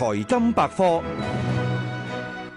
財金百科。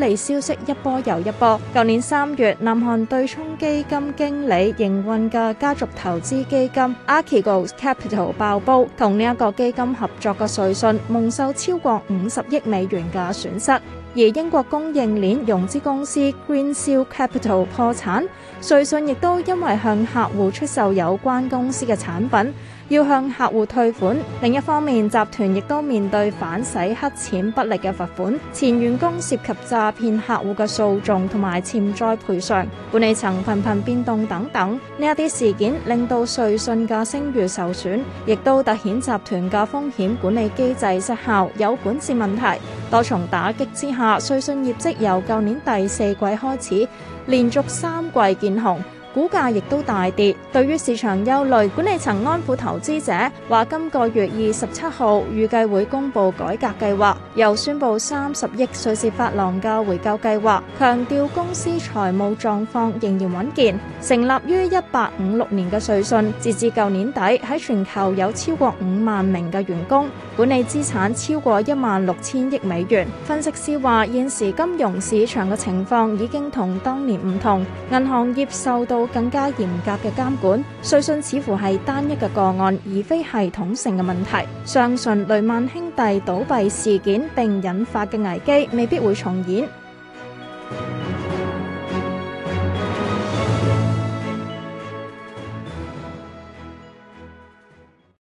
利消息一波又一波。舊年三月，南韓對沖基金經理營運嘅家族投資基金 Archegos Capital 爆煲，同呢一個基金合作嘅瑞信蒙受超過五十億美元嘅損失。而英國供應鏈融資公司 Greensill Capital 破產，瑞信亦都因為向客戶出售有關公司嘅產品，要向客戶退款。另一方面，集團亦都面對反洗黑錢不力嘅罰款，前員工涉及詐騙客戶嘅訴訟同埋潛在賠償，管理層頻頻變動等等。呢一啲事件令到瑞信嘅聲譽受損，亦都凸顯集團嘅風險管理機制失效，有管治問題。多重打擊之下，瑞信業績由舊年第四季開始，連續三季見紅。股價亦都大跌，對於市場憂慮，管理層安撫投資者，話今個月二十七號預計會公布改革計劃，又宣布三十億瑞士法郎嘅回購計劃，強調公司財務狀況仍然穩健。成立於一八五六年嘅瑞信，截至舊年底喺全球有超過五萬名嘅員工，管理資產超過一萬六千億美元。分析師話，現時金融市場嘅情況已經同當年唔同，銀行業受到更加嚴格嘅監管，瑞信似乎係單一嘅個，個案，而非系統性嘅問題。相信雷曼兄弟倒閉事件並引發嘅危機未必會重演。